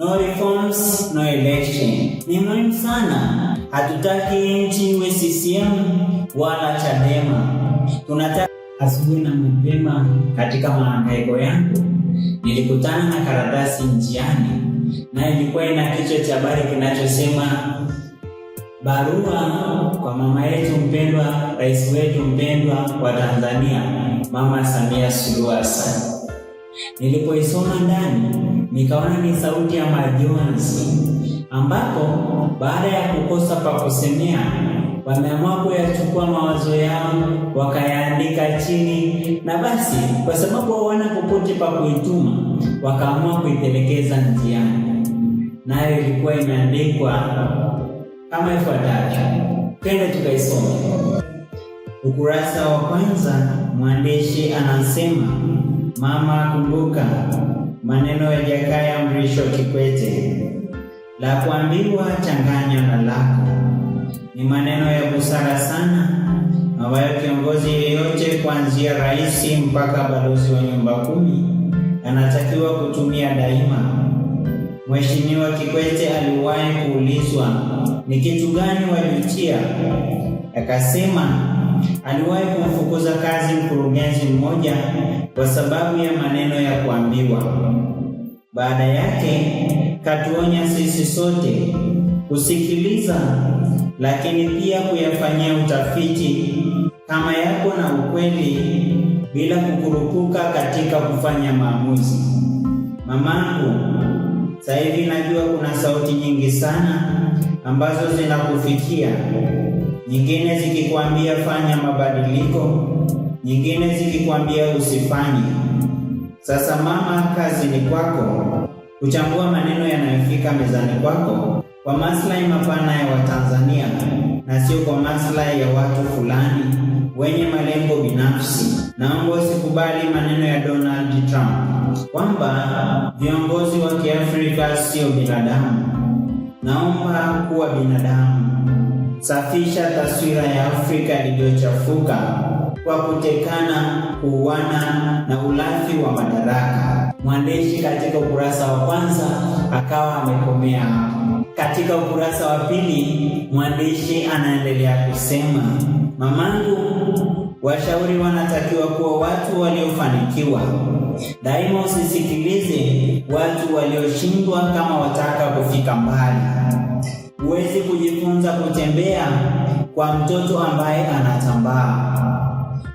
no reforms, no election. Ni muhimu sana. Hatutaki nchi iwe CCM wala Chadema, tunataka asubuhi na mapema. Katika mahangaiko yangu nilikutana na karatasi njiani, na ilikuwa ina kichwa cha habari kinachosema barua kwa mama yetu mpendwa, rais wetu mpendwa wa Tanzania, Mama Samia Suluhu Hassan. Nilipoisoma ndani nikaona ni sauti ya majonzi, ambapo baada ya kukosa pa kusemea wameamua kuyachukua mawazo yao wakayaandika chini, na basi kwa sababu hawana popote pa kuituma, wakaamua kuitelekeza njiani, nayo ilikuwa imeandikwa kama ifuatavyo. Twende tukaisoma. Ukurasa wa kwanza, mwandishi anasema Mama, kumbuka maneno ya Jakaya Mrisho Kikwete, la kuambiwa changanya na lako. Ni maneno ya busara sana ambayo kiongozi yeyote kuanzia rais mpaka balozi wa nyumba kumi anatakiwa kutumia daima. Mheshimiwa Kikwete aliwahi kuulizwa ni kitu gani walitia, akasema aliwahi kumfukuza kazi mkurugenzi mmoja kwa sababu ya maneno ya kuambiwa. Baada yake katuonya sisi sote kusikiliza, lakini pia kuyafanyia utafiti kama yako na ukweli, bila kukurupuka katika kufanya maamuzi. Mamangu, sasa hivi najua kuna sauti nyingi sana ambazo zinakufikia nyingine zikikwambia fanya mabadiliko, nyingine zikikwambia usifanye. Sasa mama, kazi ni kwako kuchambua maneno yanayofika mezani kwako kwa maslahi mapana ya Watanzania na sio kwa maslahi ya watu fulani wenye malengo binafsi. Naomba usikubali maneno ya Donald Trump kwamba viongozi wa Kiafrika sio binadamu. Naomba kuwa binadamu. Safisha taswira ya Afrika iliyochafuka kwa kutekana, kuuana na ulafi wa madaraka. Mwandishi katika ukurasa wa kwanza akawa amekomea hapo. Katika ukurasa wa pili mwandishi anaendelea kusema, mamangu, washauri wanatakiwa kuwa watu waliofanikiwa. Daima usisikilize watu walioshindwa kama wataka kufika mbali. Huwezi kujifunza kutembea kwa mtoto ambaye anatambaa.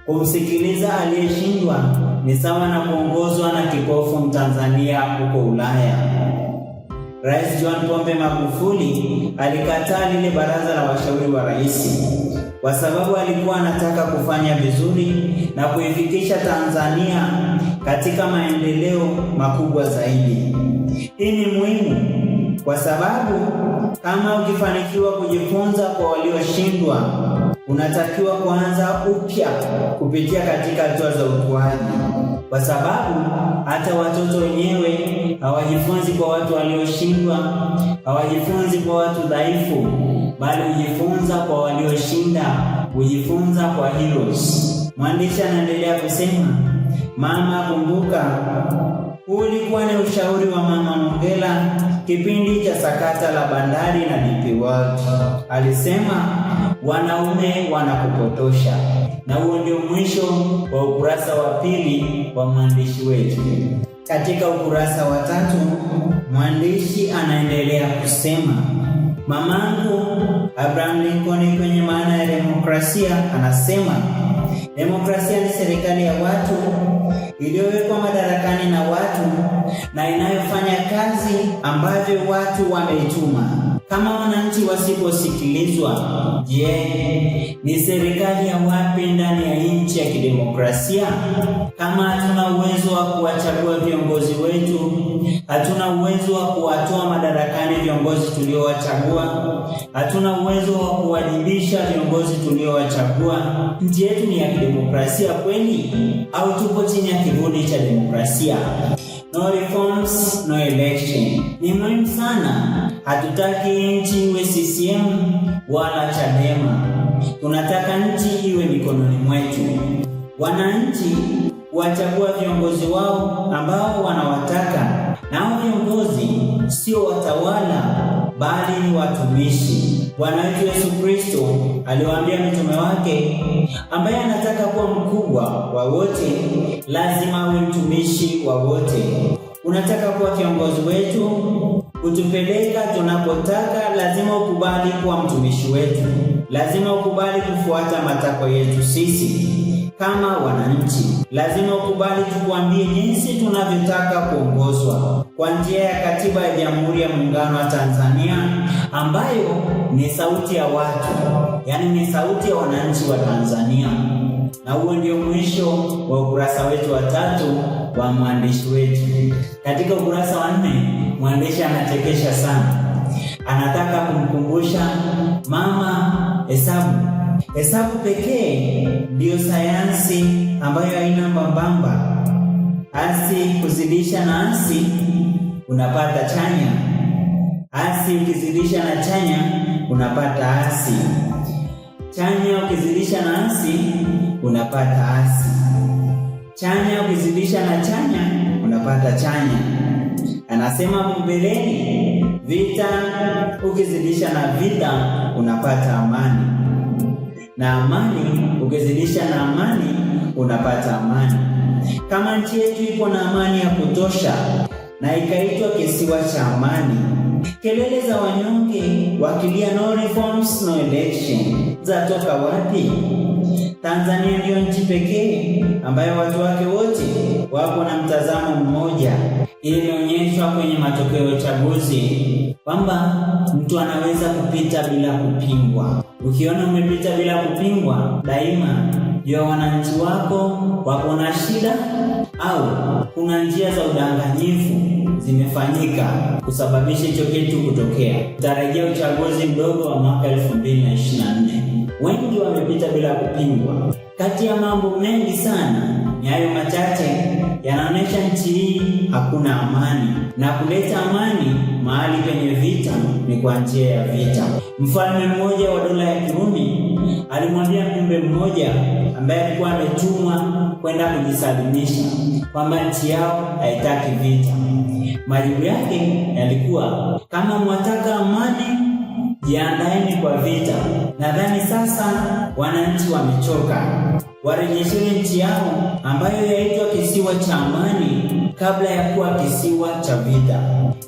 Kumsikiliza aliyeshindwa ni sawa na kuongozwa na kipofu Mtanzania huko Ulaya. Rais John Pombe Magufuli alikataa lile baraza la washauri wa rais kwa sababu alikuwa anataka kufanya vizuri na kuifikisha Tanzania katika maendeleo makubwa zaidi. Hii ni muhimu kwa sababu kama ukifanikiwa kujifunza kwa walioshindwa, unatakiwa kuanza upya kupitia katika hatua za ukuaji, kwa sababu hata watoto wenyewe hawajifunzi kwa watu walioshindwa, hawajifunzi kwa watu dhaifu, bali hujifunza kwa walioshinda, hujifunza kwa heroes. Mwandishi anaendelea kusema, mama, kumbuka, ulikuwa ni ushauri wa mama Mongela kipindi cha sakata la Bandari na DP World. Alisema wanaume wanakupotosha, na huo ndio mwisho wa ukurasa wa pili wa mwandishi wetu. Katika ukurasa wa tatu mwandishi anaendelea kusema mamangu Abraham Lincoln kwenye maana ya demokrasia anasema demokrasia ni serikali ya watu iliyowekwa madarakani na watu na inayofanya kazi ambavyo watu wameituma. Kama wananchi wasiposikilizwa, je, ni serikali ya wapi ndani ya nchi ya kidemokrasia? Kama hatuna uwezo wa kuwachagua viongozi wetu, hatuna uwezo wa kuwatoa madarakani viongozi tuliowachagua, hatuna uwezo wa kuwajibisha viongozi tuliowachagua, nchi yetu ni ya kidemokrasia kweli au tupo chini ya kivuli cha demokrasia? no reforms, no election. Ni muhimu sana. Hatutaki nchi iwe CCM wala Chadema, tunataka nchi iwe mikononi mwetu. Wananchi wachagua viongozi wao ambao wanawataka, nao viongozi sio watawala, bali ni watumishi. Bwana wetu Yesu Kristo aliwaambia mitume wake, ambaye anataka kuwa mkubwa wa wote lazima awe mtumishi wa wote. Unataka kuwa kiongozi wetu, kutupeleka tunapotaka, lazima ukubali kuwa mtumishi wetu, lazima ukubali kufuata matakwa yetu sisi. Kama wananchi, lazima ukubali tukuambie jinsi tunavyotaka kuongozwa kwa njia ya katiba ya Jamhuri ya Muungano wa Tanzania ambayo ni sauti ya watu, yaani ni sauti ya wananchi wa Tanzania. Na huo ndio mwisho wa ukurasa wetu wa tatu wa mwandishi wetu. Katika ukurasa wa nne, mwandishi anachekesha sana, anataka kumkumbusha mama hesabu Hesabu pekee ndiyo sayansi ambayo haina mambamba, asi kuzidisha na asi unapata chanya, asi ukizidisha na chanya unapata asi, chanya ukizidisha na asi unapata asi, chanya ukizidisha na chanya unapata chanya. Anasema mbeleni, vita ukizidisha na vita unapata amani na amani, ukizidisha na amani unapata amani. Kama nchi yetu ipo na amani ya kutosha na ikaitwa kisiwa cha amani, kelele za wanyonge wakilia no reforms no election zatoka wapi? Tanzania ndiyo nchi pekee ambayo watu wake wote wako na mtazamo mmoja imeonyeshwa kwenye matokeo ya uchaguzi kwamba mtu anaweza kupita bila kupingwa. Ukiona umepita bila kupingwa, daima jua wananchi wako wako na shida au kuna njia za udanganyifu zimefanyika kusababisha hicho kitu kutokea. Tarajia uchaguzi mdogo wa mwaka 2024. Wengi wamepita bila kupingwa. Kati ya mambo mengi sana ni hayo machache yanaonyesha nchi hii hakuna amani, na kuleta amani mahali penye vita ni kwa njia ya vita. Mfalme mmoja wa dola ya Kirumi alimwambia mjumbe mmoja ambaye alikuwa ametumwa kwenda kujisalimisha kwamba nchi yao haitaki vita. Majibu yake yalikuwa kama mwataka amani jiandaeni kwa vita. Nadhani sasa wananchi wamechoka warejesheni nchi yao ambayo yaitwa kisiwa cha amani kabla ya kuwa kisiwa cha vita.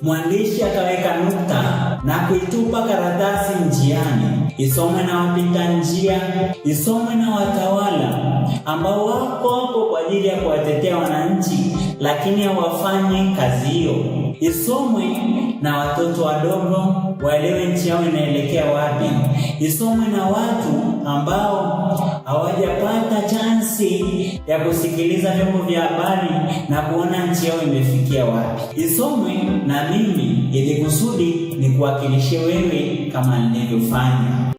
Mwandishi akaweka nukta na kuitupa karatasi njiani, isomwe na wapita njia, isome na watawala ambao wako hapo kwa ajili ya kuwatetea wananchi, lakini hawafanyi kazi hiyo. Isomwe na watoto wadogo, waelewe nchi yao inaelekea wapi. Isomwe na watu ambao hawajapata chansi ya kusikiliza vyombo vya habari na kuona nchi yao imefikia wapi. Isomwe na mimi ili kusudi ni kuwakilishe wewe kama nilivyofanya.